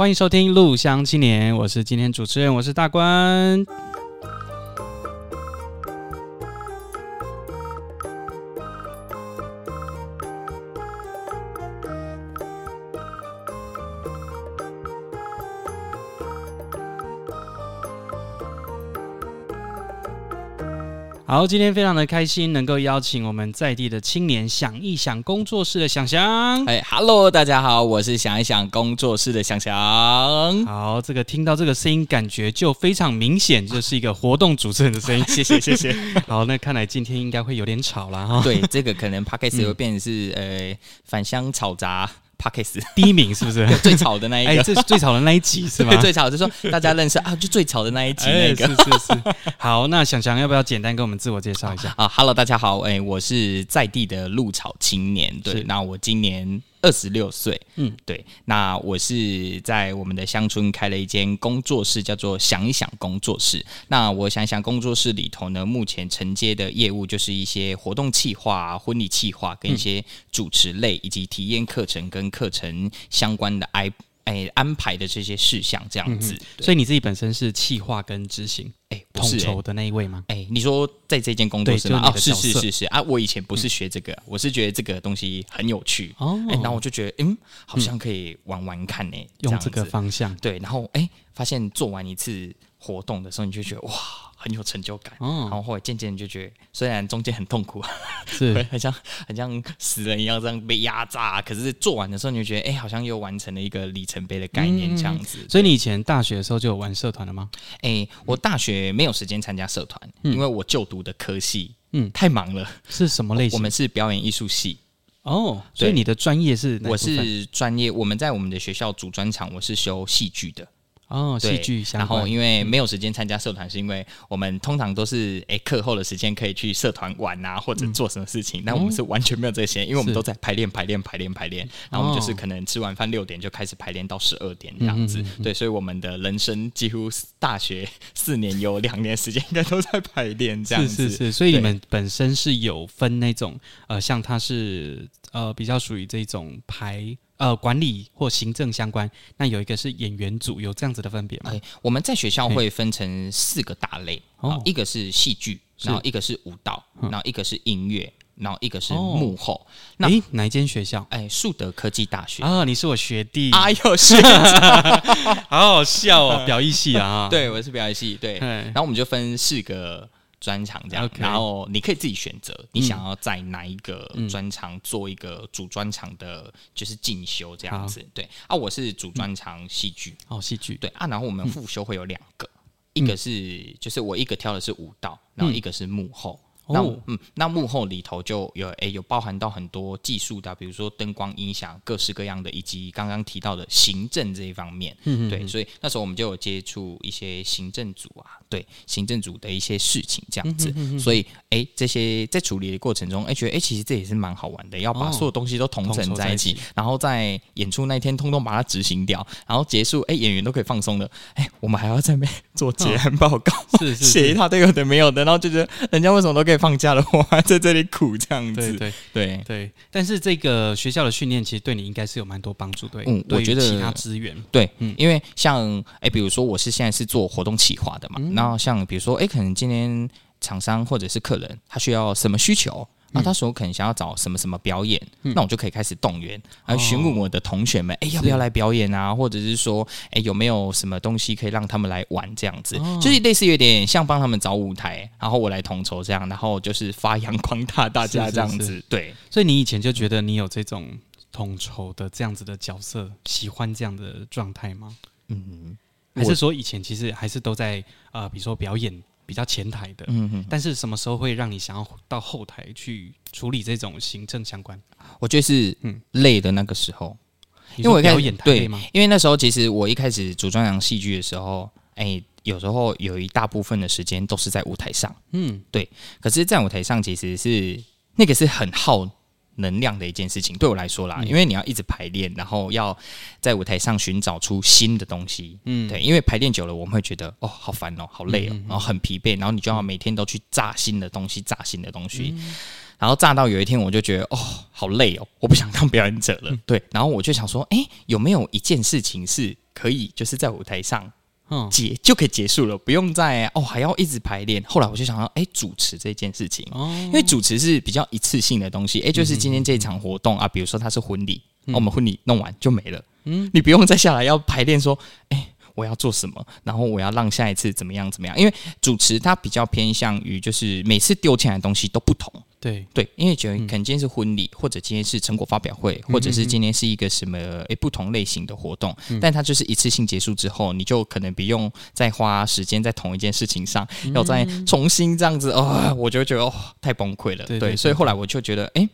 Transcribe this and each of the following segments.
歡迎收聽《鹿鄉青年》，我是今天主持人，我是大官。好，今天非常的開心，能夠邀請我們在地的青年享藝享工作室的想想。誒、Hello, 大家好，我是享藝享工作室的想想。好，這個聽到這個聲音，感覺就非常明顯，就是一個活動主持人的聲音。啊、謝謝，謝謝。 好，那看來今天應該會有點吵了哈。哦啊、對，這個可能 podcast 會變成是、嗯、呃返鄉炒雜。Pockets 第一名是不是 最吵的那一個？哎、欸，這是最吵的那一集是嗎？ 對最吵，就說大家認識 啊，就最吵的那一集那個、 哎。是是是。好，那想想要不要簡單跟我們自我介紹一下啊哈嘍，Hello, 大家好，哎、欸，我是在地的鹿草青年。對，是那我今年。二十六歲，嗯，對，那我是在我們的鄉村開了一間工作室，叫做“享藝享工作室”。那“我享藝享工作室”裡頭呢，目前承接的業務就是一些活動企劃、啊、婚禮企劃跟一些主持類，嗯、以及體驗課程跟課程相關的哎安排的這些事項這樣子、嗯。所以你自己本身是企劃跟執行哎統籌的那一位嗎？哎、欸。欸你說在這間工作室嗎、啊？是是是是啊，我以前不是學這個，嗯、我是覺得這個東西很有趣、哦欸，然後我就覺得，嗯，好像可以玩玩看呢、欸，嗯、這樣用這個方向，對，然後哎、欸，發現做完一次。活動的時候，你就覺得哇，很有成就感。嗯、哦，然後後來漸漸就覺得，雖然中間很痛苦，是呵呵，很像很像死人一樣這樣被壓榨，可是做完的時候，你就覺得哎、欸，好像又完成了一個里程碑的概念，這樣子。嗯、對所以你以前大學的時候就有玩社團了嗎？哎、欸，我大學沒有時間參加社團，嗯、因為我就讀的科系嗯太忙了。是什麼類型？我們是表演藝術系。哦，對所以你的專業是哪？我是專業，我們在我們的學校主專長，我是修戲劇的。哦，戲劇一下。然後，因為沒有時間參加社團，嗯、是因為我們通常都是誒，課後的時間可以去社團玩啊，或者做什麼事情。那、嗯、我們是完全沒有這些，嗯、因為我們都在排練是，排練，排練，排練。然後我們就是可能吃完飯六點就開始排練到十二點這樣子。嗯嗯嗯嗯對，所以，我們的人生幾乎大學四年有兩年時間，應該都在排練這樣子。是是是。所以你們本身是有分那種呃，像他是呃，比較屬於這種排。呃，管理或行政相關，那有一個是演員組，有這樣子的分別嗎？我們在學校會分成四個大類，一個是戲劇，然後一個是舞蹈，然後一個是音樂，然後一個是幕後。那哪一間學校？哎，樹德科技大學啊，你是我學弟啊，哎喲，是，好好笑哦，表演系啊，對，我是表演系，對，然後我們就分四個。專長這樣，Okay 然後你可以自己選擇你想要在哪一個專長做一個主專長的，就是進修這樣子。嗯嗯、對啊，我是主專長戲劇、嗯、哦，戲劇對啊。然後我們副修會有兩個，嗯、一個是就是我一個挑的是舞蹈，然後一個是幕後。那嗯，那幕後裡頭就有哎、欸，有包含到很多技術的、啊，比如說燈光、音響，各式各樣的，以及剛剛提到的行政這一方面。嗯嗯嗯對，所以那時候我們就有接觸一些行政組啊。對行政組的一些事情這樣子，嗯、哼哼哼，所以哎、欸，這些在處理的過程中，哎、欸、覺得哎、欸，其實這也是蠻好玩的，要把所有東西都統整在一起，哦、一起，然後在演出那一天通通把它執行掉，然後結束，哎、欸，演員都可以放鬆了，哎、欸，我們還要在那邊做結案報告，是寫、哦、一大堆有的沒有的，然後就覺得人家為什麼都可以放假了，我還在這裡苦這樣子，對對對，對，對，但是這個學校的訓練其實對你應該是有蠻多幫助，對，嗯，我覺得其他資源，對，嗯，因為像哎、欸，比如說我是現在是做活動企劃的嘛，嗯然後像比如說，哎，可能今天廠商或者是客人他需要什麼需求，那他說我可能想要找什麼什麼表演，那我就可以開始動員，然後詢問我的同學們，哎，要不要來表演啊？或者是說，哎，有沒有什麼東西可以讓他們來玩？這樣子就是類似有點像幫他們找舞台，然後我來統籌這樣，然後就是發揚光大大家這樣子。對，所以你以前就覺得你有這種統籌的這樣子的角色，喜歡這樣的狀態嗎？嗯。還是說以前其實還是都在呃，比如說表演比較前台的，嗯嗯哼，但是什麼時候會讓你想要到後台去處理這種行政相關？我覺得是嗯累的那個時候，嗯、因為我表演始對嗎？因為那時候其實我一開始組裝洋戲劇的時候，哎、欸，有時候有一大部分的時間都是在舞台上，嗯，對。可是，在舞台上其實是那個是很耗。能量的一件事情，對我來說啦，嗯、因為你要一直排練，然後要在舞台上尋找出新的東西，嗯，對，因為排練久了，我們會覺得哦，好煩哦，好累哦，嗯嗯嗯，然後很疲憊，然後你就要每天都去炸新的東西，炸新的東西，嗯、然後炸到有一天我就覺得哦，好累哦，我不想當表演者了，嗯、對，然後我就想說，哎，有沒有一件事情是可以就是在舞台上。結、嗯、就可以結束了，不用再哦，還要一直排練。後來我就想到，哎、欸，主持這件事情，哦、因為主持是比較一次性的東西，哎、欸，就是今天這場活動啊，比如說它是婚禮，那、嗯啊、我們婚禮弄完就沒了，嗯，你不用再下來要排練說，哎、欸，我要做什麼，然後我要讓下一次怎麼樣怎麼樣，因為主持它比較偏向於就是每次丟錢來的東西都不同。對對，因為覺得，可能今天是婚禮，嗯、或者今天是成果發表會，嗯嗯嗯，或者是今天是一個什麼、欸、不同類型的活動，嗯、但它就是一次性結束之後，你就可能不用再花時間在同一件事情上，嗯、要再重新這樣子啊、呃，我就覺得，呃就覺得呃、太崩潰了。對，對，對，對，所以後來我就覺得，哎、欸，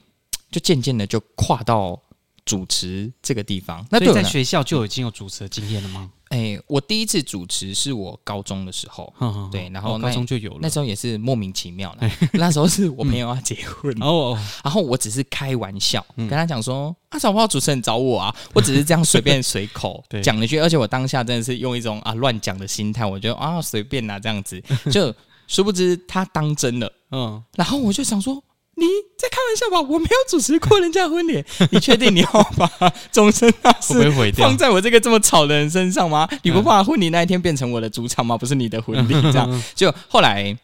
就漸漸的就跨到主持這個地方。那你在學校就已經有主持的經驗了嗎？嗯哎、欸，我第一次主持是我高中的時候，哦、對，然後那、哦、高中就有了，那時候也是莫名其妙、欸、那時候是我朋友要結婚，然後、嗯，然後我只是開玩笑、嗯、跟他講說，啊找不到主持人找我啊，我只是這樣隨便隨口講了一句，對、而且我當下真的是用一種啊亂講的心態，我覺得啊隨便吶、啊、這樣子，就殊不知他當真了，嗯，然後我就想說。你在開玩笑吧？我沒有主持過人家婚禮， 你確定你要把終身大事放在我這個這麼吵的人身上嗎？你不怕婚禮那一天變成我的主場嗎？不是你的婚禮，這樣，就後來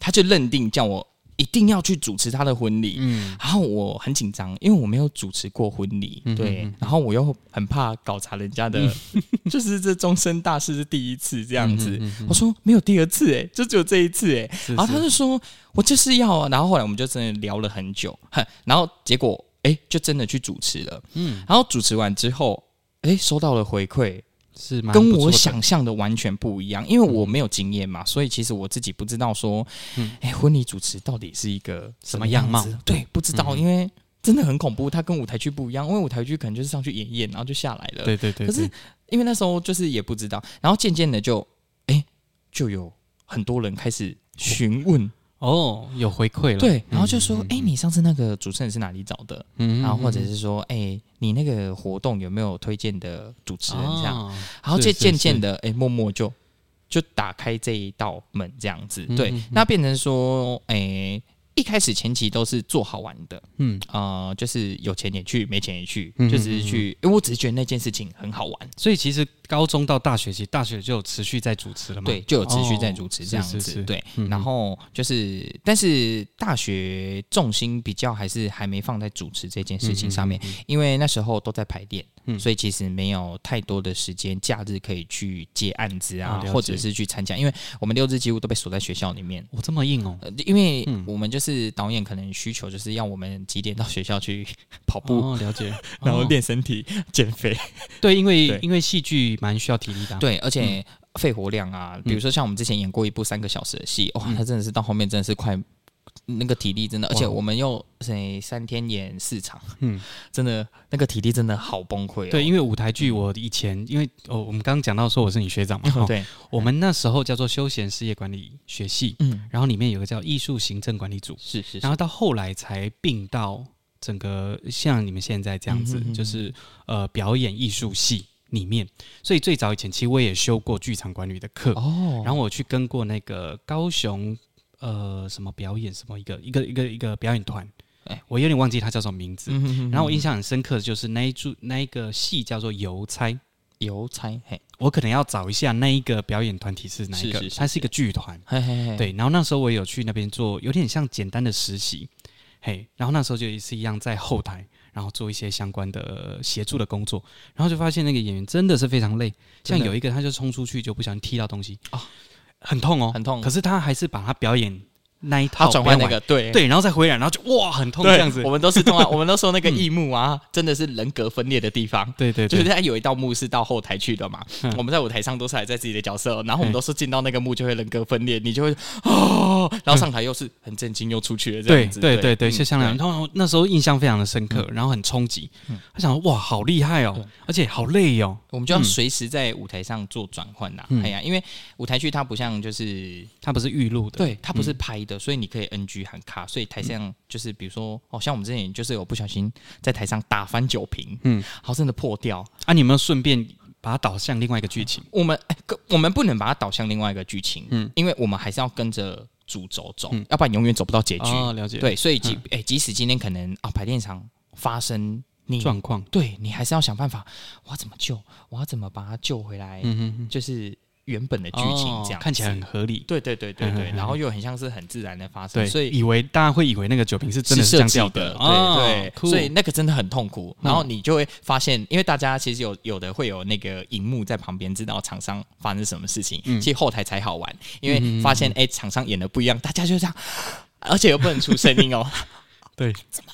他就認定叫我，一定要去主持他的婚禮，嗯，然後我很緊張，因為我沒有主持過婚禮，對，嗯嗯，然後我又很怕搞砸人家的，嗯、 就是這終身大事是第一次這樣子，嗯哼嗯哼，我說沒有第二次，哎，就只有這一次，哎是，然後、啊、他就說，我就是要、啊，然後後來我們就真的聊了很久，哼，然後結果，哎，就真的去主持了，嗯，然後主持完之後，哎，收到了回饋。是跟我想象的完全不一樣，因為我沒有經驗嘛，嗯、所以其實我自己不知道說，哎、嗯欸，婚禮主持到底是一個什麼樣貌？樣貌對，不知道，嗯、哼因為真的很恐怖，它跟舞台劇不一樣，因為舞台劇可能就是上去演演，然後就下來了。對對對，對對對。可是因為那時候就是也不知道，然後漸漸的就，哎、欸，就有很多人開始詢問。欸哦，oh, 有回饋了。對，然後就說，哎、嗯嗯嗯嗯欸，你上次那個主持人是哪裡找的？嗯,嗯,嗯，然後或者是說，哎、欸，你那個活動有沒有推薦的主持人這樣？哦、然後就漸漸的，哎、欸，默默就就打開這一道門，這樣子。對，嗯嗯嗯那變成說，哎、欸。一開始前期都是做好玩的，嗯、呃、就是有錢也去，沒錢也去，就只是去，因為、嗯嗯嗯欸、我只是覺得那件事情很好玩，所以其實高中到大學，其實大學就有持續在主持了嘛，對，就有持續在主持這樣子，哦、是是是對。然後就是，嗯嗯但是大學重心比較還是還沒放在主持這件事情上面，嗯嗯嗯嗯因為那時候都在排練。嗯，所以其實沒有太多的時間，假日可以去接案子啊，啊或者是去參加，因為我們六日幾乎都被鎖在學校裡面。我、哦、這麼硬哦，呃、因為、嗯、我們就是導演可能需求就是要我們幾點到學校去跑步，哦、了解，然後練身體、哦、減肥。對，因為對因為戲劇蠻需要體力的、啊。對，而且肺活量啊，比如說像我們之前演過一部三個小時的戲，哇、嗯哦，他真的是到後面真的是快。那個體力真的，而且我們又誰三天演四場，嗯，真的那個體力真的好崩潰、哦。對，因為舞台劇，我以前因為哦，我們剛剛講到說我是你學長嘛，嗯、對，我們那時候叫做休閒事業管理學系，嗯，然後裡面有個叫藝術行政管理組，是,是是，然後到後來才併到整個像你們現在這樣子，嗯、哼哼哼就是呃表演藝術系裡面，所以最早以前其實我也修過劇場管理的課哦，然後我去跟過那個高雄。呃，什麼表演？什麼一個一個一個一個表演團？哎嘿，我有點忘記它叫什麼名字。嗯、哼哼哼然後我印象很深刻的就是那一組那一個戲叫做《郵差》差，郵差嘿，我可能要找一下那一個表演團體是哪一個？它是，是，是，是，是一個劇團，嘿嘿嘿對。然後那時候我有去那邊做有點像簡單的實習，嘿。然後那時候就也是一樣在後台，然後做一些相關的協助的工作，然後就發現那個演員真的是非常累，的像有一個他就衝出去就不小心踢到東西、哦很痛哦，很痛。可是他還是把他表演。那一套轉換那個，對對，然後再回來，然後就哇很痛這樣子。我們都是痛啊，我們都說那個翼幕啊，真的是人格分裂的地方。對對，就是他有一道幕是到後台去的嘛。我們在舞台上都是還在自己的角色，然後我們都是進到那個幕就會人格分裂，你就會哦，然後上台又是很震驚又出去了這樣子。對對對對，就像兩，通，那時候印象非常的深刻，然後很衝擊。他想說哇好厲害哦，而且好累哦，我們就要隨時在舞台上做轉換吶。哎呀，因為舞台劇它不像就是它不是預錄的，對，它不是拍的。所以你可以 NG 很卡，所以台上就是比如說哦，像我們之前就是有不小心在台上打翻酒瓶，嗯，好，後的破掉啊，你們順便把它導向另外一個劇情，嗯？我們哎，欸、可我們不能把它導向另外一個劇情，嗯，因為我們還是要跟着主軸走，走，嗯、要不然你永遠走不到結局。哦、了解了，對，所以即哎、嗯欸，即使今天可能啊排練場發生狀況，你狀況，對你還是要想辦法，我要怎麼救，我要怎麼把它救回來？嗯哼，哼，就是。原本的劇情這樣看起來很合理，對對對對對，然後又很像是很自然的發生，所以以為大家會以為那個酒瓶是真的掉的，對對，所以那個真的很痛苦。然後你就會發現，因為大家其實有有的會有那個熒幕在旁邊知道廠商發生什麼事情，其實後台才好玩，因為發現哎廠商演的不一樣，大家就這樣，而且又不能出聲音哦，對，怎麼？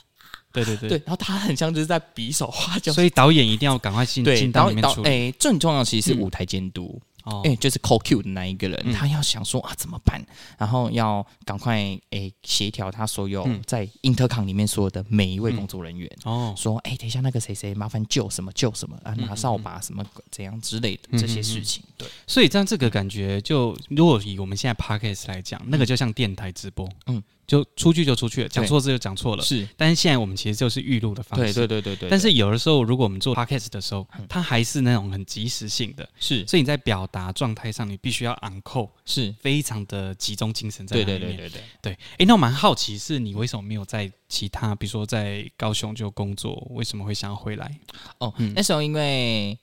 對對對，然後他很像就是在比手畫腳，所以導演一定要趕快進進到裡面處理。哎，最重要，其實是舞台監督。哎、欸，就是 call Q 的那一個人，他要想說啊怎麼辦，然後要趕快哎協調他所有在 Intercom 裡面所有的每一位工作人員，嗯、哦，說哎、欸、等一下那個誰誰麻煩救什麼救什麼啊拿掃把什麼怎樣之類的、嗯、哼這些事情。對，所以這樣這個感覺就，如果以我們現在 Podcast 來講，那個就像電台直播。嗯。嗯就出去就出去了，講錯對字就講錯了，是。但是現在我們其實就是預錄的方式，對對對對，對，對但是有的時候，如果我們做 podcast 的時候，嗯、它還是那種很即時性的，是。所以你在表達狀態上，你必須要 on call 是非常的集中精神在那裡面。對對對對對對。哎、欸，那我蠻好奇，是你為什麼沒有在其他，比如說在高雄就工作？為什麼會想要回來？哦，嗯、那時候因為。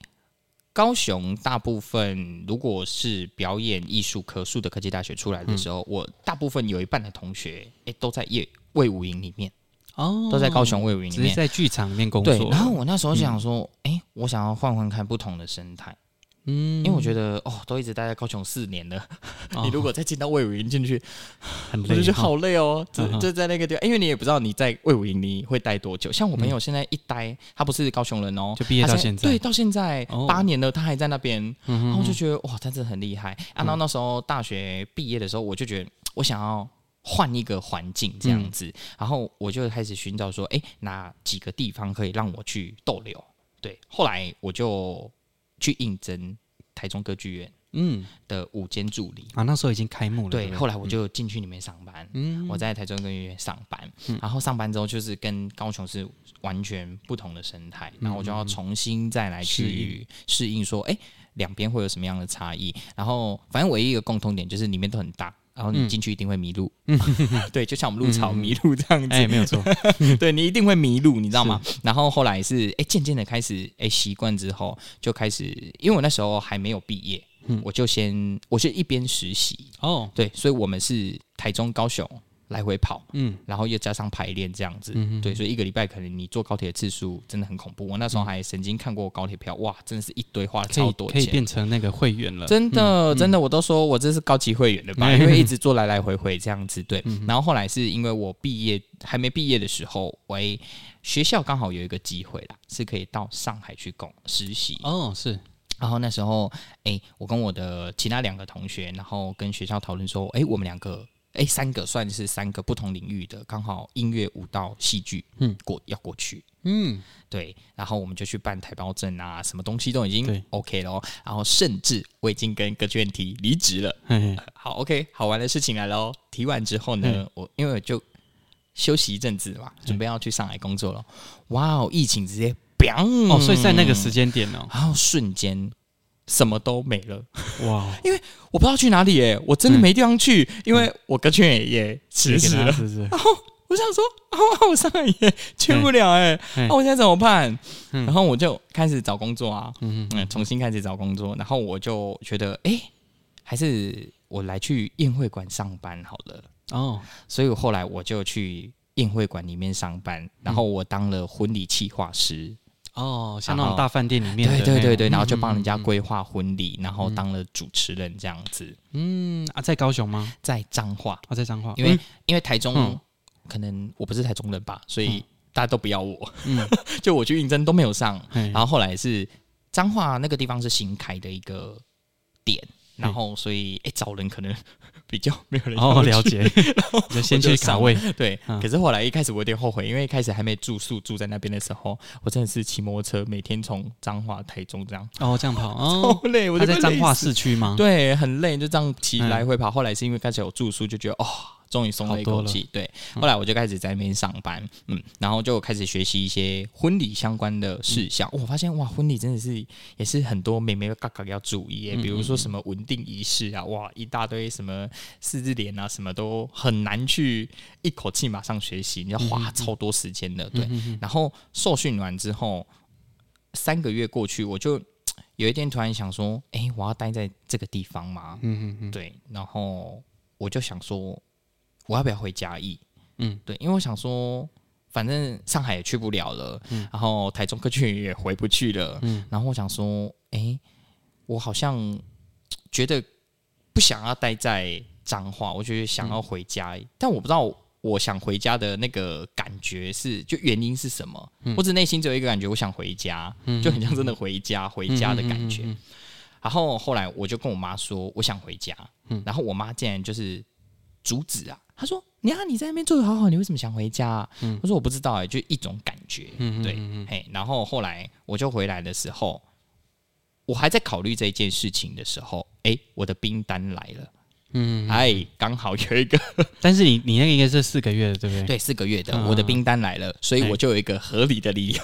高雄大部分，如果是表演藝術科系的科技大學出來的時候，嗯、我大部分有一半的同學，誒、欸，都在業衛武營裡面哦，都在高雄衛武營裡面，在劇場裡面工作。然後我那時候想說，誒、嗯欸，我想要換換看不同的生態。嗯，因為我覺得哦，都一直待在高雄四年了，哦、 你如果再進到衛武營進去，很累、哦、 就覺得好累哦，就嗯嗯就在那個地方，因為你也不知道你在衛武營你會待多久。像我朋友現在一待，他不是高雄人哦，就畢業到現在，他現在，對，到現在八、哦、年了，他還在那邊，嗯、哼然後我就覺得哇，他真的很厲害。那、啊、那時候大學畢業的時候，我就覺得我想要換一個環境這樣子，嗯、然後我就開始尋找說，哎、欸，哪幾個地方可以讓我去逗留？對，後來我就。去應徵台中歌劇院嗯的舞監助理、嗯、啊，那時候已經開幕了。對，後來我就進去裡面上班。嗯，我在台中歌劇院上班，嗯、然後上班之後就是跟高雄是完全不同的生態，嗯、然後我就要重新再來去適應說，說哎兩邊會有什麼樣的差異？然後反正唯一一個共通點就是裡面都很大。然後你進去一定會迷路，嗯、 對，就像我們入潮迷路這樣子。哎，沒有錯，對，你一定會迷路，你知道嗎？是 然後後來是哎，漸漸的開始哎習慣之後，就開始，因為我那時候還沒有畢業，嗯、我就先我是一邊實習哦，對，所以我們是台中高雄。來回跑，嗯，然後又加上排練這樣子，嗯、哼對，所以一個禮拜可能你坐高鐵的次數真的很恐怖。我那時候還曾經看過高鐵票，哇，真的是一堆花超多錢可，可以變成那個會員了，真的，嗯、真的，我都說我這是高級會員了吧，嗯、哼因為一直坐來來回回這樣子，對。然後後來是因為我畢業還沒畢業的時候，喂、欸，學校剛好有一個機會啦，是可以到上海去搞實習哦，是。然後那時候，誒、欸，我跟我的其他兩個同學，然後跟學校討論說，哎、欸，我們兩個。哎、欸，三個算是三個不同領域的，剛好音樂、舞蹈、戲劇，嗯，過要過去，嗯，對，然後我們就去辦台胞證啊，什麼東西都已經 OK 了。對然後甚至我已經跟歌劇院提離職了。嗯嘿，好，OK，好玩的事情來了。提完之後呢，嗯、我因為我就休息一陣子嘛，準備要去上海工作了。哇哦、嗯，wow, 疫情直接砰哦，所以在那個時間點呢、哦，然後瞬間。什麼都沒了，哇 Wow！因為我不知道去哪裡、欸、我真的沒地方去，嗯、因為我跟群也辭職了。吃吃然後我想說，啊，我上海也去不了哎、欸，那、欸啊、我現在怎麼辦？嗯、然後我就開始找工作啊，嗯，哼嗯重新開始找工作。然後我就覺得，哎、欸，還是我來去宴會館上班好了。哦，所以後來我就去宴會館裡面上班，然後我當了婚禮企劃師。嗯哦，像那種大飯店裡面的，對對對對，嗯嗯嗯嗯，然後就幫人家規劃婚禮，然後當了主持人這樣子。嗯，啊，在高雄嗎？在彰化，我、啊、在彰化，因為因為台中、嗯、可能我不是台中人吧，所以大家都不要我。嗯， 就我去應徵都沒有上，嗯、然後後來是彰化那個地方是新開的一個點，嗯、然後所以哎、欸、找人可能。比較沒有人哦了解， 後我後先去上位對。嗯、可是後來一開始我有點後悔，因為一開始還沒住宿住在那邊的時候，我真的是騎摩托車每天從彰化台中這樣哦這樣跑，哦、喔，累。他在彰化市區嗎？對，很累，就這樣騎來回跑。後來是因為開始有住宿，就覺得哦。終於鬆了一口氣，對。嗯、後來我就開始在那邊上班，嗯，然後就開始學習一些婚禮相關的事項。嗯哦、我發現哇，婚禮真的是也是很多眉眉的角角要注意，嗯嗯嗯比如說什麼文定儀式啊，哇，一大堆什麼四字聯啊，什麼都很難去一口氣馬上學習，你要花超多時間的。嗯嗯嗯嗯對。然後受訓完之後，三個月過去，我就有一天突然想說，哎，我要待在這個地方嗎？嗯嗯嗯。對。然後我就想說。我要不要回家意？易嗯，對，因為我想說，反正上海也去不了了，嗯，然後台中過去也回不去了，嗯，然後我想說，哎、欸，我好像覺得不想要待在彰化，我覺得想要回家，嗯、但我不知道我想回家的那個感覺是就原因是什麼，嗯，我只內心只有一個感覺，我想回家，嗯，就很像真的回家、嗯、回家的感覺，嗯嗯嗯嗯嗯然後後來我就跟我媽說我想回家，嗯，然後我媽竟然就是阻止啊。他說：“你啊，你在那邊做的好好，你為什麼想回家、啊？”我、嗯、說：“我不知道哎、欸，就一種感覺。嗯哼”對，嗯、哼嘿，然後後來我就回來的時候，我還在考慮這件事情的時候，哎、欸，我的兵單來了。嗯，哎，剛好有一個，但是你你那個應該是四個月的，對不對？對，四個月的，我的兵單來了，所以我就有一個合理的理由，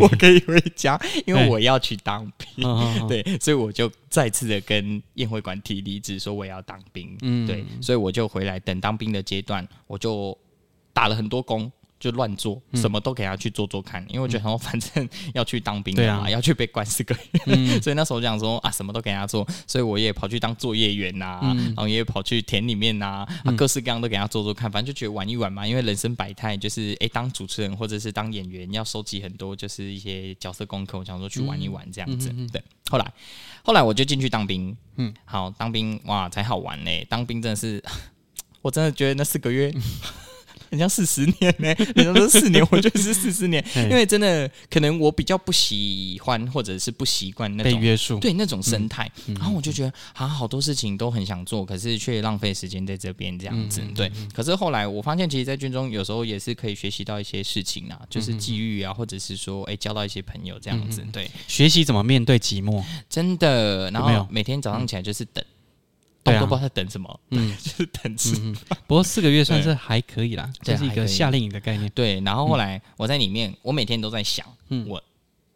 我可以回家，因為我要去當兵，對，所以我就再次的跟宴會館提離職，說我要當兵，嗯，對，所以我就回來，等當兵的階段，我就打了很多工。就亂做，什麼都給他去做做看，嗯、因為我覺得我反正要去當兵啊，嗯、要去被關四個月，嗯、 所以那時候我想說啊，什麼都給他做，所以我也跑去當作業員吶、啊，嗯、然後也跑去田裡面吶、啊啊，各式各樣都給他做做看，反正就覺得玩一玩嘛，因為人生百態，就是哎、欸，當主持人或者是當演員要收集很多，就是一些角色功課，我想說去玩一玩這樣子。嗯嗯、哼哼對，後來後來我就進去當兵，嗯，好，當兵哇才好玩呢、欸。當兵真的是，我真的覺得那四個月。嗯人家四十年呢、欸，人家說四年，我就是四十年。 對 因為真的，可能我比較不喜歡，或者是不習慣那種被約束，對那種生態。嗯嗯、然後我就覺得、嗯、啊，好多事情都很想做，可是卻浪費時間在這邊這樣子。嗯嗯嗯、對，可是後來我發現，其實，在軍中有時候也是可以學習到一些事情啊，就是際遇啊，或者是說，誒、欸，交到一些朋友這樣子。對、嗯嗯嗯，學習怎麼面對寂寞，真的。然後每天早上起來就是等。都不知道在等什麼，嗯，就是等吃。不過四個月算是還可以啦，這是一個夏令營的概念。對，然後後來我在裡面，我每天都在想，我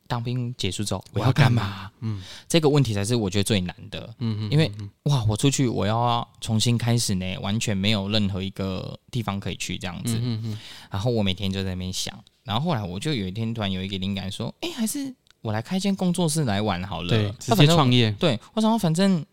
當兵結束之後我要幹嘛？嗯，這個問題才是我覺得最難的。嗯嗯，因為哇，我出去我要重新開始呢，完全沒有任何一個地方可以去這樣子。嗯嗯，然後我每天就在那邊想，然後後來我就有一天突然有一個靈感說，哎，還是我來開一間工作室來玩好了，對，直接創業。對，我想說反正。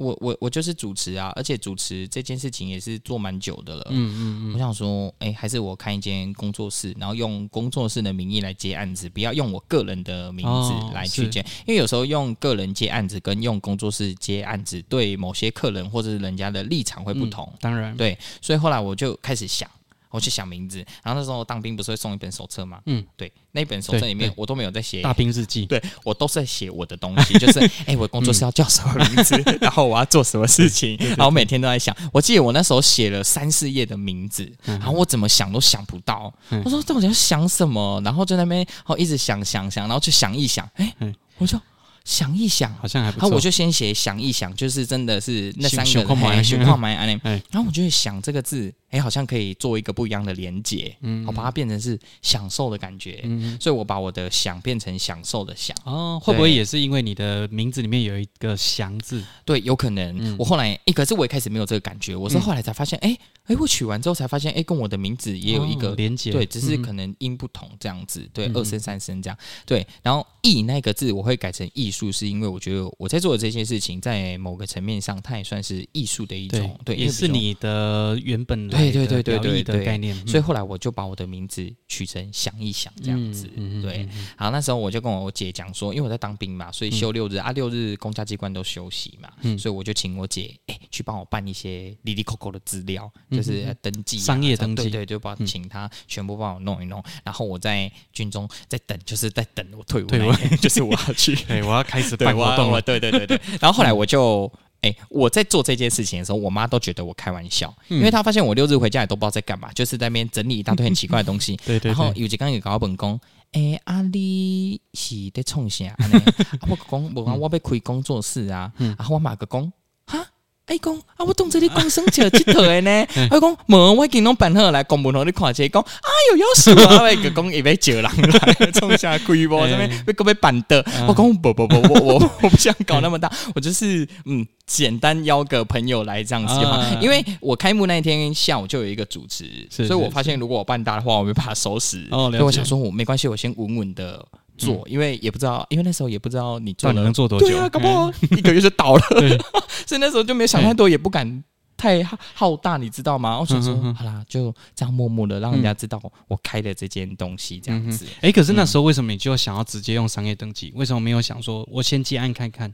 我我我就是主持啊，而且主持這件事情也是做蠻久的了。嗯嗯嗯，嗯我想說，哎、欸，還是我開一間工作室，然後用工作室的名義來接案子，不要用我個人的名字來去接，哦、因為有時候用個人接案子跟用工作室接案子，對某些客人或者是人家的立場會不同。嗯、當然，對，所以後來我就開始想。我去想名字，然後那時候當兵不是會送一本手冊嗎？嗯，對，那本手冊裡面我都沒有在寫大兵日記，對我都是在寫我的東西，就是誒我工作室是要叫什麼名字，然後我要做什麼事情，然後每天都在想。我記得我那時候寫了三四頁的名字，然後我怎麼想都想不到。我說到底要想什麼？然後在那邊然後一直想想想，然後就想一想。哎，我就想一想，好像還不錯。然後我就先寫想一想，就是真的是那三個情，然後我就會想這個字。哎、欸，好像可以做一個不一樣的連接，嗯，嗯，我把它變成是享受的感覺，嗯，嗯，所以我把我的享變成享受的享，哦，會不會也是因為你的名字裡面有一個祥字對？對，有可能。嗯、我後來，哎、欸，可是我一開始沒有這個感覺，我是後來才發現，哎、欸，哎、欸，我取完之後才發現，哎、欸，跟我的名字也有一個、哦、連接，對，只是可能音不同這樣子，嗯、對，二聲三聲這樣，對。然後藝、嗯嗯、那個字，我會改成藝術，是因為我覺得我在做的這些事情，在某個層面上，它也算是藝術的一種，對，對也是你的原本。的。對對對對對，概念。所以後來我就把我的名字取成“想一想”這樣子。對，好，那時候我就跟我姐講說，因為我在當兵嘛，所以休六日啊，六日公家機關都休息嘛，所以我就請我姐哎去幫我辦一些哩哩扣扣的資料，就是登記商業登記，對，就把請她全部幫我弄一弄。然後我在軍中在等，就是在等我退伍，退伍就是我要去，我要開始辦活動了。對對對對，然後後來我就。哎、欸，我在做這件事情的時候，我媽都覺得我開玩笑，嗯、因為她發現我六日回家也都不知道在幹嘛，就是在那邊整理一大堆很奇怪的東西。 對，對對。然後有幾剛有搞到問工，哎、欸，阿、啊、麗是在創啥、 啊？我講，我我要開工作室啊，然後、嗯啊、我媽就講。哎，公，啊，我懂這裡光生腳趾頭的呢。哎、 嗯，講，冇，我見儂辦好來，講不同你看起講，哎呦、啊，有事啊！我講，你位叫人來，這 麼下貴啵？這邊被個別辦的，嗯、我講不不不，我我我不想搞那麼大，我就是嗯，簡單邀個朋友來這樣子嘛。啊啊啊啊因為我開幕那一天下午就有一個主持，是是是所以我發現如果我辦大的話，我沒辦法收拾。哦、所以我想說，我沒關係，我先穩穩的。做，因為也不知道，因為那時候也不知道你做到底能做多久，啊、搞不好一個月就倒了， 對 所以那時候就沒想太多，對 也不敢太浩大，你知道嗎？對 我想說，嗯、哼哼好啦，就這樣默默的讓人家知道我開的這件東西這樣子。誒、嗯欸，可是那時候為什麼你就想要直接用商業登記？嗯、為什麼沒有想說我先接案看看？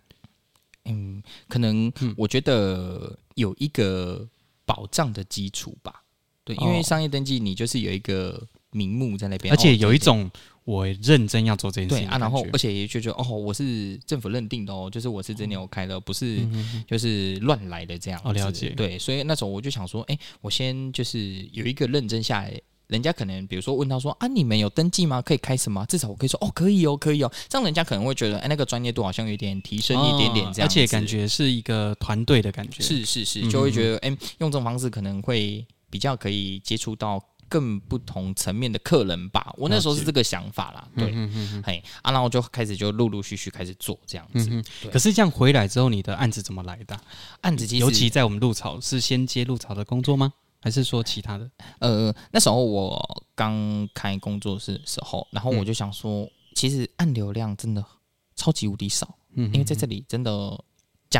嗯，可能我覺得有一個保障的基礎吧。對，因為商業登記你就是有一個名目在那邊，而且、哦、有一種。我認真要做這件事情，對啊，然後而且就覺得哦，我是政府認定的哦，就是我是真的有開的，哦、不是就是亂來的這樣。哦，了解。對，所以那時候我就想說，哎、欸，我先就是有一個認真下來，人家可能比如說問到說啊，你們有登記嗎？可以開什麼？至少我可以說，哦，可以哦，可以哦。這樣人家可能會覺得，哎、欸，那個專業度好像有點提升一點點這樣，哦，而且感覺是一個團隊的感覺，是是是，就會覺得，哎、嗯欸，用這種方式可能會比較可以接觸到。更不同層面的客人吧，我那時候是這個想法啦。對，嗯嗯，嘿啊，然後我就開始就陸陸續續開始做這樣子。可是這樣回來之後，你的案子怎麼來的？案子尤其在我們入厝是先接入厝的工作嗎？還是說其他的？呃，那時候我剛開工作室的時候，然後我就想說，其實案流量真的超級無敵少，嗯，因為在這裡真的。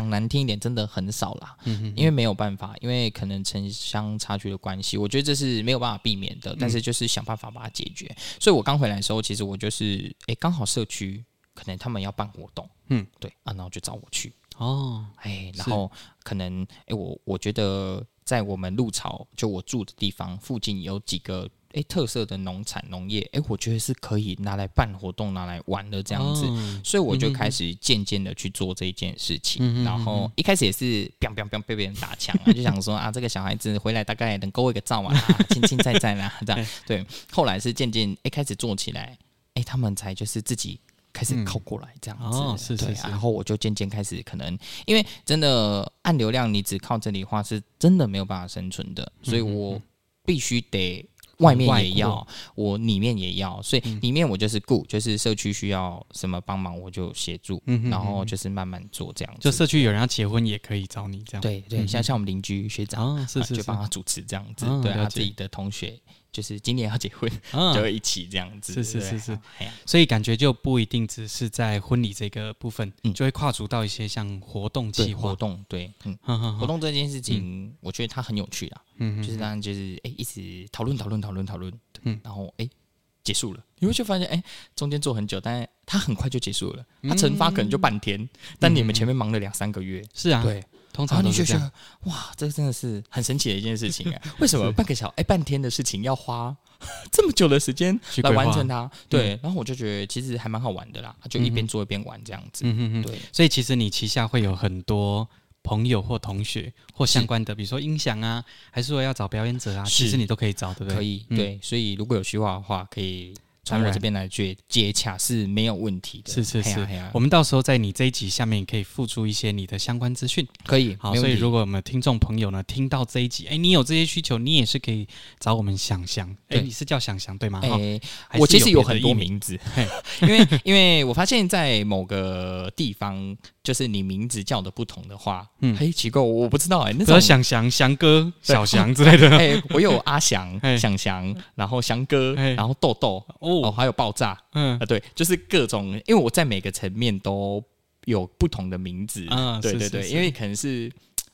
講難聽一點，真的很少啦，嗯哼因為沒有辦法，因為可能城鄉差距的關係，我覺得這是沒有辦法避免的，但是就是想辦法把它解決。嗯、所以我剛回來的時候，其實我就是，誒、欸，剛好社區可能他們要辦活動，嗯，對，啊，然後就找我去，哦，誒、欸，是然後可能，誒、欸，我我覺得在我們鷺潮，就我住的地方附近有幾個。誒，特色的農產農業，誒，我覺得是可以拿來辦活動、拿來玩的這樣子，哦、所以我就開始漸漸的去做這件事情。嗯嗯嗯，然後一開始也是砰砰砰，被別人打槍了，啊，就想說 啊，這個小孩子回來大概能夠一個照完，啊，親親 在在啦，啊。這樣。 對，後來是漸漸一開始做起來，誒，他們才就是自己開始靠過來這樣子的，嗯哦，是，是，是，對，然後我就漸漸開始可能，因為真的按流量，你只靠這裡話是真的沒有辦法生存的，嗯嗯嗯，所以我必須得。外面也要，顧我裡面也要，所以裡面我就是顧，嗯、就是社區需要什麼幫忙我就協助，嗯嗯，然後就是慢慢做這樣子。就社區有人要結婚也可以找你這樣子對。對對，像、嗯、哼像我們鄰居學長，啊是是是啊、就幫他主持這樣子，啊、對、啊、他自己的同學。就是今年要結婚，就一起這樣子。是是是是，所以感覺就不一定只是在婚禮這個部分，就會跨足到一些像活動企劃、活動對，嗯，活動這件事情，我覺得它很有趣啦。嗯，就是當然就是哎，一直討論討論討論討論，然後哎結束了，你會就發現哎，中間做很久，但是它很快就結束了，它成發，可能就半天，但你們前面忙了兩三個月，是啊，對。通常是、啊、你就覺得，覺得哇，這真的是很神奇的一件事情哎、啊！ 是為什麼半個小時哎、欸、半天的事情要花這麼久的時間來完成它？對，嗯、然後我就覺得其實還蠻好玩的啦，就一邊做一邊玩這樣子。嗯嗯嗯，對。所以其實你旗下會有很多朋友或同學或相關的，是比如說音響啊，還是說要找表演者啊，是其實你都可以找，對不對？可以、嗯、對。所以如果有需要的話，可以。從我這邊來接接洽是沒有問題的，是是是，嘿啊嘿啊，我們到時候在你這一集下面也可以附註一些你的相關資訊，可以好。所以如果我們聽眾朋友呢聽到這一集，誒、欸、你有這些需求，你也是可以找我們想想，誒對、欸、你是叫想想對嗎？誒、欸、我其實有很多名字， 因為因為我發現在某個地方。就是你名字叫的不同的話，嗯，嘿，奇怪，我不知道哎、欸，那種想翔翔哥、對小翔之類的，哎、啊欸，我有阿翔、翔嘿翔，然後翔哥，嘿然後豆豆哦，還有爆炸，嗯、啊、對，就是各種，因為我在每個層面都有不同的名字，嗯，對對對，是是是，因為可能是。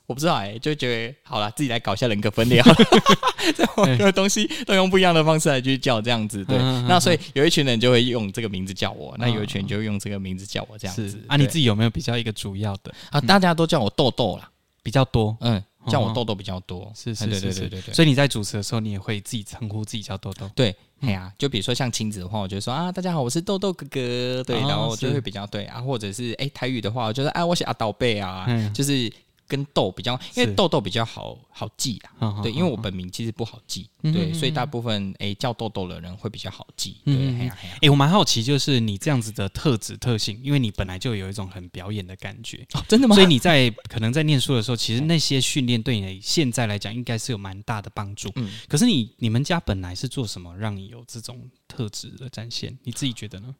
我不知道哎，就覺得好了，自己來搞一下人格分裂。哈哈哈哈哈，這很多東西都用不一樣的方式來去叫，這樣子對。那所以有一群人就會用這個名字叫我，那有一群人就會用這個名字叫我這樣子。啊，你自己有沒有比較一個主要的啊？大家都叫我豆豆啦，比較多，嗯，叫我豆豆比較多。是是是，所以你在主持的時候，你也會自己稱呼自己叫豆豆。對，哎呀，就比如說像親子的話，我就說啊，大家好，我是豆豆哥哥。對，然後我就會比較對啊，或者是哎台語的話，我覺得哎，我是阿倒貝啊，就是。跟豆比較，因為豆豆比較好好記啊。是對，因為我本名其實不好記，嗯嗯嗯對，所以大部分哎、欸、叫豆豆的人會比較好記。對，哎我蠻好奇，就是你這樣子的特質特性，因為你本來就有一種很表演的感覺，哦、真的嗎？所以你在可能在念書的時候，其實那些訓練對你現在來講應該是有蠻大的幫助。嗯，可是你你們家本來是做什麼，讓你有這種特質的展現？你自己覺得呢？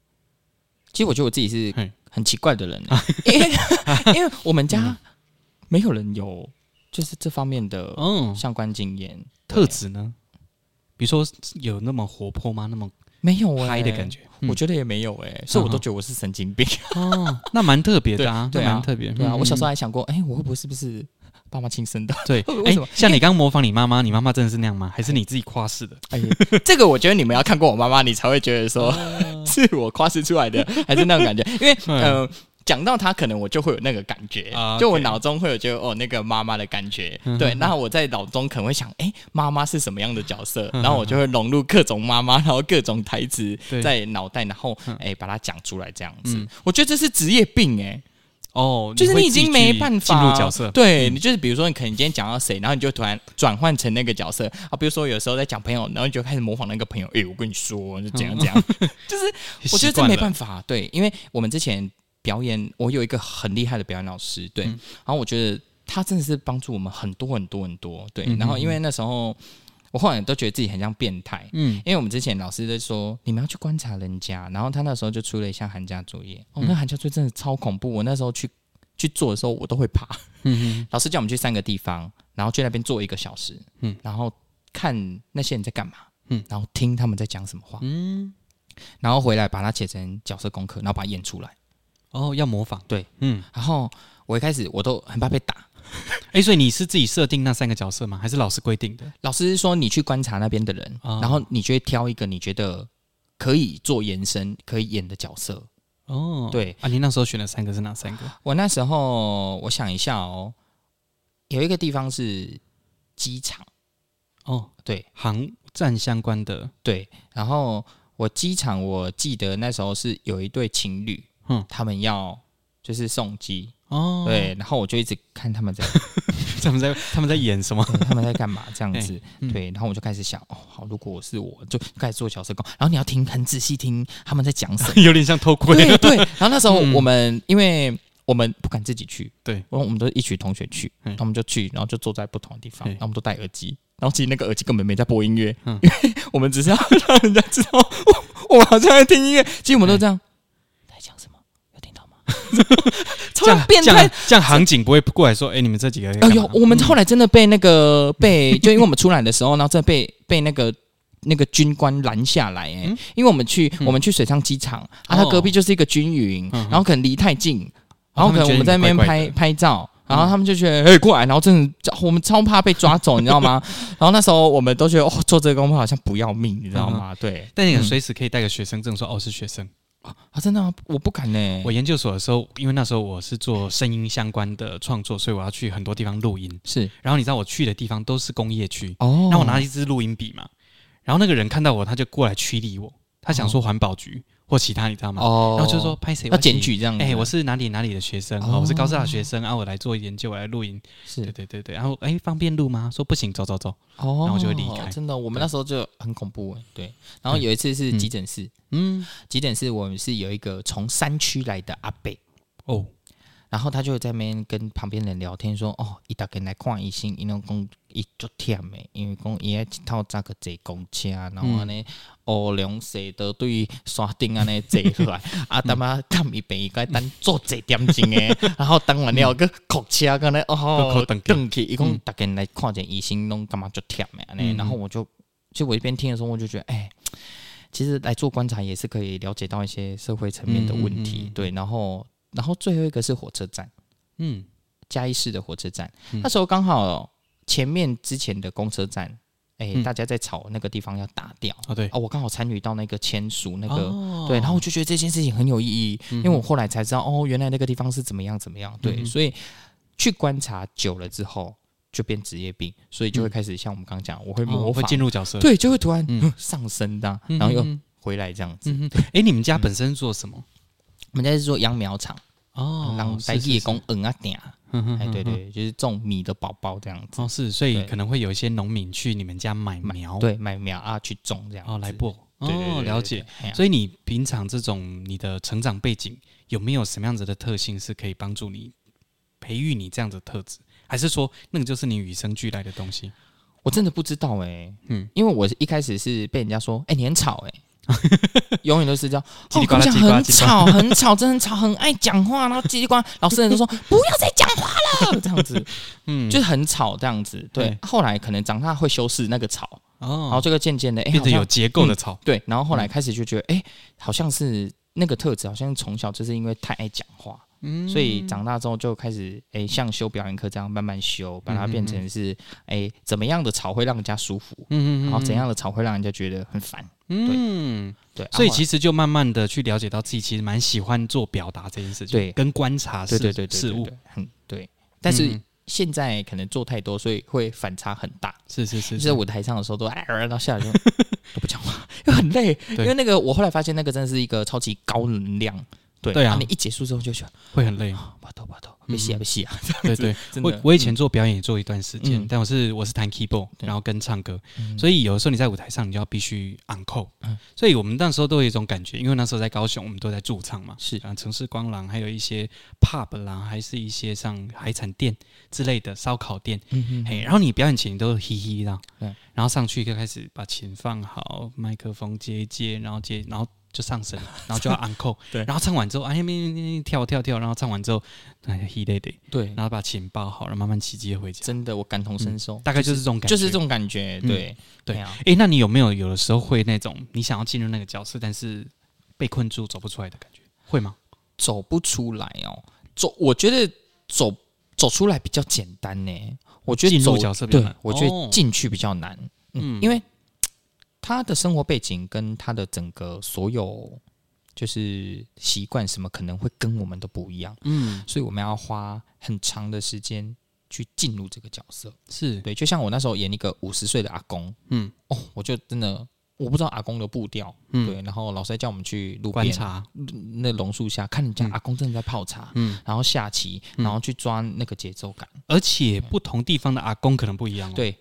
其實我覺得我自己是很奇怪的人、欸 欸，因為我們家、嗯。沒有人有，就是這方面的嗯相關經驗特質呢？比如說有那麼活潑嗎？那麼沒有哎，嗨的感覺？我覺得也沒有哎，所以我都覺得我是神經病哦，那蠻特別的，對啊，蠻特別。對啊，我小時候還想過，哎，我會不會是不是爸媽親生的？對，為什麼？像你剛模仿你媽媽，你媽媽真的是那樣嗎？還是你自己誇飾的？哎呦，這個我覺得你們要看過我媽媽，你才會覺得說是我誇飾出來的，還是那種感覺？因為嗯。講到他，可能我就會有那個感覺，uh, okay. 就我腦中會有覺得哦，那個媽媽的感覺。嗯、哼哼對，然後我在腦中可能會想，哎、欸，媽媽是什麼樣的角色？嗯、哼哼然後我就會融入各種媽媽，然後各種台詞在腦袋，然後哎對、欸，把它講出來這樣子。嗯、我覺得這是職業病哎、欸，哦，就是你已經沒辦法進入角色。對你就是比如說，你可能今天講到誰，然後你就突然轉換成那個角色啊。比如說有時候在講朋友，然後你就開始模仿那個朋友。哎、欸，我跟你說，就怎樣怎樣、嗯、 就是我覺得這沒辦法。對，因為我們之前。表演，我有一個很厲害的表演老師，對，嗯、然後我覺得他真的是幫助我們很多很多很多，對。嗯嗯，然後因為那時候我後來都覺得自己很像變態，嗯，因為我們之前老師在說你們要去觀察人家，然後他那時候就出了一項寒假作業，嗯、哦，那寒假作業真的超恐怖，我那時候去去做的時候我都會怕，嗯，嗯老師叫我們去三個地方，然後去那邊坐一個小時，嗯，然後看那些人在幹嘛，嗯，然後聽他們在講什麼話，嗯，然後回來把它寫成角色功課，然後把它演出來。哦，要模仿對，嗯。然後我一開始我都很怕被打，哎、 欸，所以你是自己設定那三個角色嗎？還是老師規定的？老師說你去觀察那邊的人，哦、然後你就會挑一個你覺得可以做延伸、可以演的角色。哦，對啊，你那時候選了三個是哪三個？我那時候我想一下哦，有一個地方是機場，哦，對，航站相關的，對。然後我機場，我記得那時候是有一對情侶。嗯，他們要就是送機哦，對，然後我就一直看他們在， 他們在，他們在演什麼，他們在幹嘛這樣子，欸嗯、對，然後我就開始想，哦，好，如果是我就開始做角色工，然後你要聽很仔細聽他們在講什麼，有點像偷窺，對。然後那時候我們、嗯、因為我們不敢自己去，對，我們我們都一群同學去，他們就去，然後就坐在不同的地方，他們都戴耳機，然後其實那個耳機根本沒在播音樂，嗯、因為我們只是要讓人家知道我我好像在聽音樂，其實我們都這樣。欸哈這樣變態，這樣航警不會過來說：“哎，你們這幾個……”哎呦，我們後來真的被那個被，就因為我們出來的時候，然後再被被那個那個軍官攔下來，哎，因為我們去我們去水上機場啊，他隔壁就是一個軍營，然後可能離太近，然後可能我們在那邊拍拍照，然後他們就覺得哎，過來，然後真的我們超怕被抓走，你知道嗎？然後那時候我們都覺得哦，做這個工作好像不要命，你知道嗎？對，但你隨時可以帶個學生證，說哦是學生。啊，真的嗎？我不敢呢、欸。我研究所的時候，因為那時候我是做聲音相關的創作，所以我要去很多地方錄音。是，然後你知道我去的地方都是工業區哦。那我拿一支錄音筆嘛，然後那個人看到我，他就過來驅離我，他想說環保局。哦或其他你知道嗎？哦、然後就說拍誰要檢舉這樣子、欸。我是哪裡哪裡的學生，哦哦、我是高師大學生，然、啊、後我來做研究，我來錄音。是，對對對對。然後，哎、欸，方便錄嗎？說不行，走走走。哦、然後我就會離開。真的、哦，對我們那時候就很恐怖。對。然後有一次是急診室，嗯，嗯急診室我們是有一個從山區來的阿伯。哦。然後他就在那邊跟旁邊人聊天，說：“哦，一大個來看，醫生，一弄工一足累的，因為講伊愛一套做個坐公車，然後呢，五兩社都對山頂安尼坐來，阿、 啊、他媽他們一伊一個單坐這點鐘誒， 然後當然有個客車可能哦，等更梯伊講大個來看者醫生攏幹嘛足累誒，然後我就就我一邊聽的時候，我就覺得，哎、欸，其實來做觀察也是可以了解到一些社會層面的問題，嗯嗯嗯對，然後。”然後最後一個是火車站，嗯，嘉義市的火車站，那時候剛好前面之前的公車站，哎，大家在吵那個地方要打掉啊，對，我剛好參與到那個簽署那個，對，然後我就覺得這件事情很有意義，因為我後來才知道哦，原來那個地方是怎麼樣怎麼樣，對，所以去觀察久了之後就變職業病，所以就會開始像我們剛講，我會模仿，我會進入角色，對，就會突然上升的，然後又回來這樣子。哎，你們家本身做什麼？我們家是做秧苗場哦，然後在夜里嗯啊點，哎對對，就是種米的寶寶這樣子哦是，所以對可能會有一些農民去你們家買苗，買對，買苗啊去種這樣哦，來播對了解，所以你平常這種你的成長背景有沒有什麼樣子的特性是可以幫助你培育你這樣子的特質，還是說那個就是你與生俱來的東西？我真的不知道哎、欸，嗯，因為我是一開始是被人家說，哎、欸，你很吵哎、欸。永遠都是叫嘰嘰呱，很吵，很吵，真的很吵，很愛講話。然後嘰嘰呱，老師人都說不要再講話了，這樣子，嗯，就很吵這樣子。對，後來可能長大會修飾那個吵，然後這個漸漸的，哎，變得有結構的吵。對，然後後來開始就覺得，哎，好像是那個特質，好像是從小就是因為太愛講話，所以長大之後就開始，哎，像修表演課這樣慢慢修，把它變成是，哎，怎麼樣的吵會讓人家舒服，嗯嗯，然後怎樣的吵會讓人家覺得很煩。嗯對，對，啊、所以其實就慢慢的去了解到自己其實蠻喜歡做表達這件事情，對，跟觀察事對對對,對事物，嗯，對。但是現在可能做太多，所以會反差很大。是是是,是，就在舞台上的時候都，哎、呃，然後下來就 都不講話，又很累。對因為那個我後來發現，那個真的是一個超級高能量，對對啊，然後你一結束之後就覺得。會很累啊、哦，把頭把頭。你寫不寫啊？嗯嗯 對，對對，真的我我以前做表演也做一段時間，嗯、但我是我是彈 keyboard，對然後跟唱歌，嗯嗯所以有的時候你在舞台上，你就要必須安可。嗯，所以我們那時候都有一種感覺，因為那時候在高雄，我們都在駐唱嘛，是啊，然後城市光廊，還有一些 pub 啦，還是一些像海產店之類的燒烤店，嗯、哼嘿，然後你表演前你都嘻嘻的、啊，對，然後上去就開始把琴放好，麥克風接接，然後接然後接。然後就上身，然後就要安可 對，然後唱完之後，哎呀，咩咩咩跳跳跳，然後唱完之後，哎呀，he d a day，對，然後把琴包好了，慢慢騎車回家。真的，我感同身受，嗯、大概就是這種，感覺、就是、就是這種感覺，對、嗯、對呀。哎、啊欸，那你有沒有有的時候會那種你想要進入那個角色，但是被困住走不出來的感覺？會嗎？走不出來哦，走，我覺得走走出來比較簡單呢。我覺得進入角色比較對，對我覺得進去比較難，哦、嗯，因為。他的生活背景跟他的整個所有就是習慣什麼，可能會跟我們都不一樣。嗯，所以我們要花很長的時間去進入這個角色。是對，就像我那時候演一個五十歲的阿公，嗯，哦，我就真的我不知道阿公的步調，嗯、對，然後老師還叫我們去路邊觀察那榕樹下看人家阿公正在泡茶，嗯，然後下棋，然後去抓那個節奏感，而且不同地方的阿公可能不一樣、哦。對。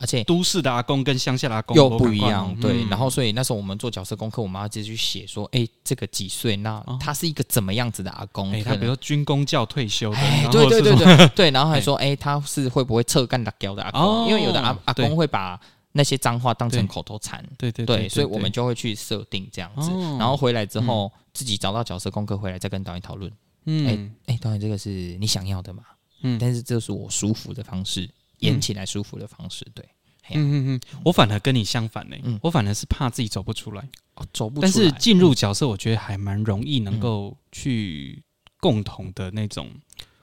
而且都市的阿公跟鄉下的阿公又不一樣，對。然後所以那時候我們做角色功課，我們要直接去寫說，哎，這個幾歲？那他是一個怎麼樣子的阿公？哎，他比如說軍公教退休的，對對對對對。然後還說，哎，他是會不會扯幹打膠的阿公？因為有的阿阿公會把那些髒話當成口頭禪，對對對，所以我們就會去設定這樣子。然後回來之後自己找到角色功課回來再跟導演討論。嗯，哎，導演，這個是你想要的嗎？嗯，但是這是我舒服的方式。演起來舒服的方式，對，嗯嗯嗯，我反而跟你相反呢，嗯、我反而是怕自己走不出來，哦、走不，但是進入角色，我覺得還蠻容易，能夠去共同的那種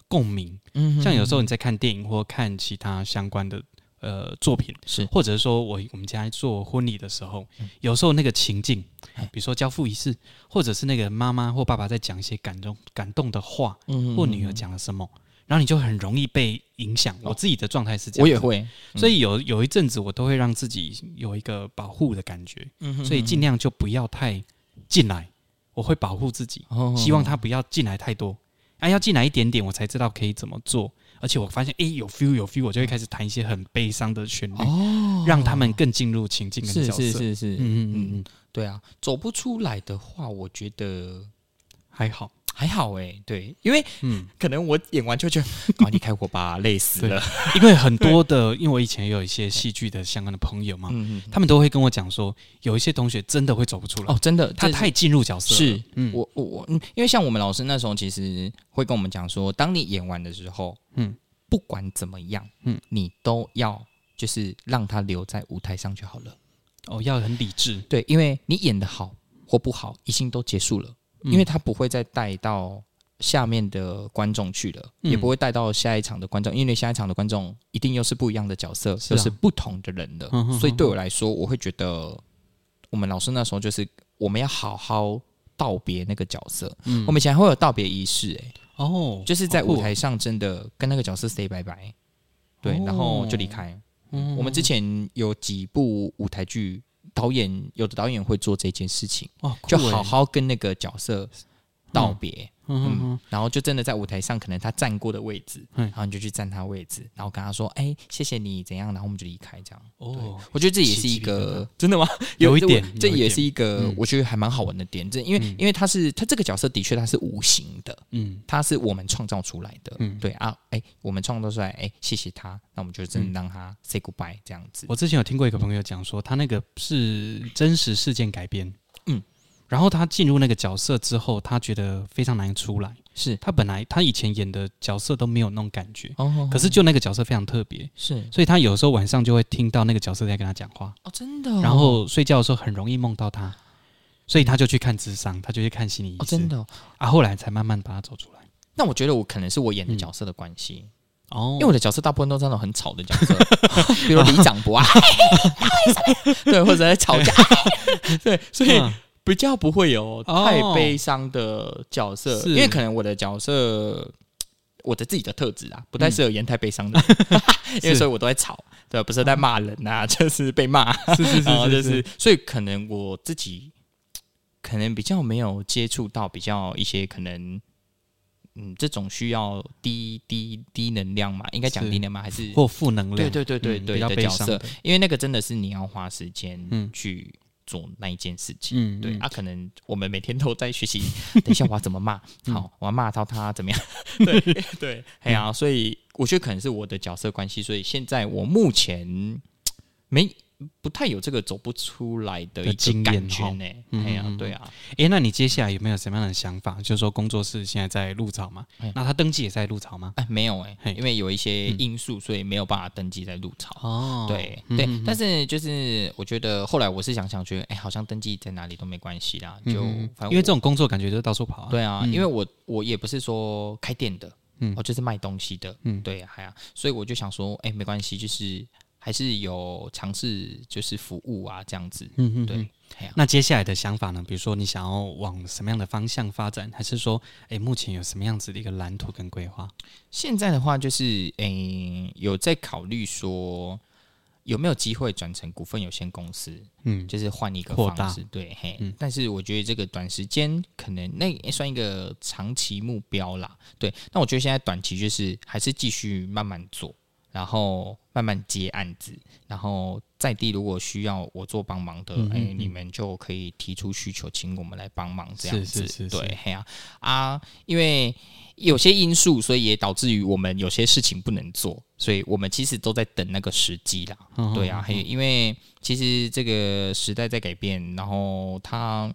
共鳴。嗯、哼哼哼，像有時候你在看電影或看其他相關的呃作品，是，或者是說我我們家做婚禮的時候，嗯、有時候那個情境，比如說交付儀式，嘿或者是那個媽媽或爸爸在講一些感動感動的話，嗯、哼哼，或女兒講了什麼。嗯哼哼然後你就很容易被影響。哦、我自己的狀態是這樣，我也會，所以有、嗯、有一陣子我都會讓自己有一個保護的感覺，嗯嗯，所以盡量就不要太進來，我會保護自己，哦、希望他不要進來太多。啊，要進來一點點，我才知道可以怎麼做。而且我發現，哎、欸，有 feel 有 feel，我就會開始彈一些很悲傷的旋律，哦、讓他們更進入情境跟角色。是是是是，嗯哼嗯哼嗯，對啊，走不出來的話，我覺得還好。還好哎、欸，對，因為嗯，可能我演完就覺得，哦、嗯啊，你開火吧，累死了。 因為很多的，對 因為我以前有一些戲劇的相關的朋友嘛，對 他們都會跟我講說，對 有一些同學真的會走不出來哦，真的，他太進入角色了。是，是，我我嗯，因為像我們老師那時候，其實會跟我們講說，當你演完的時候，嗯，不管怎麼樣，嗯，你都要就是讓他留在舞台上就好了。哦，要很理智，對，因為你演得好或不好，已經都結束了。因為他不會再帶到下面的觀眾去了，嗯、也不會帶到下一場的觀眾，因為下一場的觀眾一定又是不一樣的角色，是啊、又是不同的人的。嗯、哼哼哼，所以對我來說，我會覺得我們老師那時候就是我們要好好道別那個角色。嗯、我們以前還會有道別儀式，欸，哦、就是在舞台上真的跟那個角色 say 拜拜，哦，對，然後就離開。嗯、我們之前有幾部舞台劇。導演，有的導演會做這件事情，哦、就好好跟那個角色道別。嗯，然後就真的在舞台上，可能他站過的位置，嗯，然後你就去站他位置，然後跟他說：“哎，謝謝你，怎樣？”然後我們就離開這樣。哦，我覺得這也是一個真的嗎？有一點，這也是一個我覺得還蠻好玩的點，這因為因為他是他這個角色的確他是無形的，嗯，他是我們創造出來的，嗯，對啊，哎，我們創造出來，哎，謝謝他，那我們就真的讓他 say goodbye 這樣子。我之前有聽過一個朋友講說，他那個是真實事件改編。然後他進入那個角色之後，他覺得非常難出來。是他本來他以前演的角色都沒有那種感覺，哦，可是就那個角色非常特別，是，所以他有時候晚上就會聽到那個角色在跟他講話，哦，真的。然後睡覺的時候很容易夢到他，所以他就去看諮商，他就去看心理醫生，真的啊。後來才慢慢把他走出來。那我覺得我可能是我演的角色的關係，哦，因為我的角色大部分都是那種很吵的角色，比如里長伯啊，對，或者在吵架，對，所以。比較不會有太悲傷的角色，oh, 因為可能我的角色，我的自己的特質啊，不太適合演太悲傷的，嗯、 因為所以我都在吵，對，不是在罵人啊，oh. 就是被罵，是是是，就是，所以可能我自己，可能比較沒有接觸到比較一些可能，嗯，這種需要低低低能量嘛，應該講低能嗎？是還是或負能量？對對對對，對,對,對、嗯、比較悲傷，因為那個真的是你要花時間去、嗯。做那一件事情，嗯、對啊，可能我們每天都在學習。嗯、等一下，我要怎麼罵？好，嗯、我要罵到他怎麼樣？對、嗯、對，哎呀、啊，所以我覺得可能是我的角色關係，所以現在我目前沒。不太有這個走不出來的一個感覺呢。哎呀，對啊，哎，那你接下來有沒有什麼樣的想法？就是說，工作室現在在鹿草嗎？那他登記也在鹿草嗎？哎，沒有哎，因為有一些因素，所以沒有辦法登記在鹿草。哦，對對，但是就是我覺得後來我是想想覺得哎，好像登記在哪裡都沒關係啦，就因為這種工作感覺就是到處跑。對啊，因為我我也不是說開店的，嗯，我就是賣東西的，嗯，對呀，所以我就想說，哎，沒關係，就是。還是有嘗試，就是服務啊，這樣子。嗯嗯，對、啊。那接下來的想法呢？比如說，你想要往什麼樣的方向發展？還是說，哎、欸，目前有什麼樣子的一個藍圖跟規劃？現在的話，就是哎、欸，有在考慮說有沒有機會轉成股份有限公司。嗯，就是換一個方式。對，嘿。嗯、但是我覺得這個短時間可能那也算一個長期目標啦。對。那我覺得現在短期就是還是繼續慢慢做。然後慢慢接案子，然後在地如果需要我做幫忙的，哎，你們就可以提出需求，請我們來幫忙這樣子。是是是，是是是對，嘿呀啊，啊，因為有些因素，所以也導致於我們有些事情不能做，所以我們其實都在等那個時機啦。嗯、對啊，嘿，嗯、因為其實這個時代在改變，然後它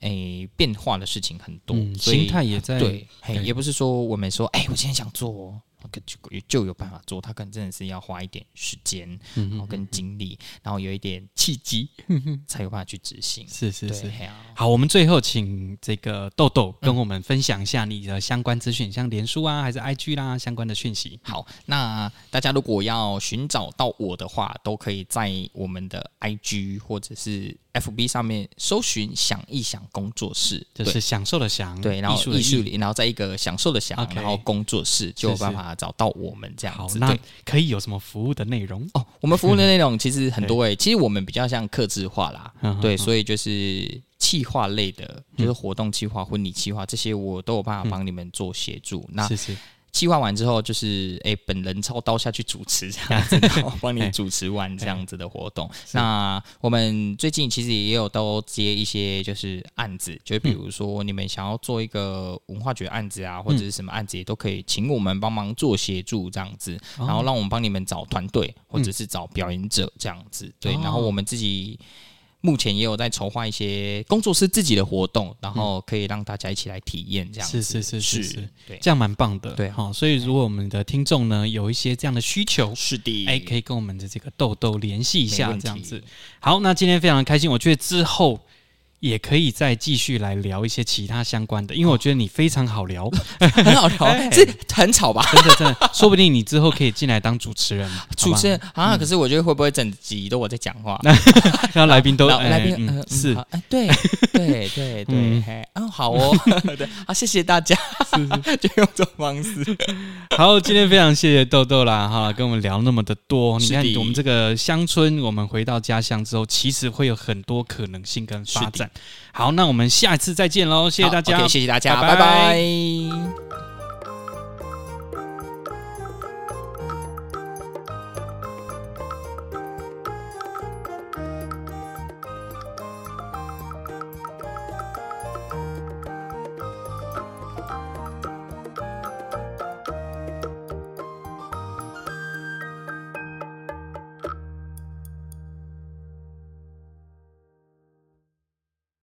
哎、欸、變化的事情很多，嗯、所以心態也在。對，欸、也不是說我們說，哎、欸，我今天想做。就就有辦法做，他可能真的是要花一點時間，然後、嗯哼 喔、跟精力，嗯、哼 然後有一點契機，嗯、哼 才有辦法去執行。嗯、哼 對是是是，對啊、好，我們最後請這個豆豆跟我們分享一下你的相關資訊，嗯、像臉書啊，還是 IG 啦相關的訊息。好，那大家如果要尋找到我的話，都可以在我們的 IG 或者是。F B 上面搜尋“享藝享工作室”，就是享受的享，對，然後藝術的藝，然後再一個享受的享，然後工作室就有辦法找到我們這樣子。好，那可以有什麼服務的內容？哦，我們服務的內容其實很多誒，其實我們比較像客製化啦，對，所以就是企劃類的，就是活動企劃、婚禮企劃這些，我都有辦法幫你們做協助。那謝謝。計劃完之後，就是誒、欸、本人操刀下去主持這樣子，然後幫你主持完這樣子的活動。 是那我們最近其實也有都接一些就是案子，就比如說你們想要做一個文化局案子啊，嗯、或者是什麼案子也都可以，請我們幫忙做協助這樣子，然後讓我們幫你們找團隊或者是找表演者這樣子，對，嗯、然後我們自己。目前也有在籌劃一些工作室自己的活動，然後可以讓大家一起來體驗這樣子。嗯、是是是是，是對，這樣蠻棒的。對，對所以如果我們的聽眾呢有一些這樣的需求，是的，哎，可以跟我們的這個豆豆聯繫一下這樣子。好，那今天非常開心，我覺得之後。也可以再繼續來聊一些其他相關的，因為我覺得你非常好聊，很好聊，這很吵吧？真的真的，說不定你之後可以進來當主持人嘛。主持人啊？可是我覺得會不會整集，都我在講話，那來賓都來賓嗯，是。哎，對對對對，嗯，好哦，對，好，謝謝大家，就用這種方式。好，今天非常謝謝豆豆啦，哈，跟我們聊那麼的多。你看，我們這個鄉村，我們回到家鄉之後，其實會有很多可能性跟發展。好，那我們下一次再見咯！謝謝大家，okay, 謝謝大家，拜拜。拜拜。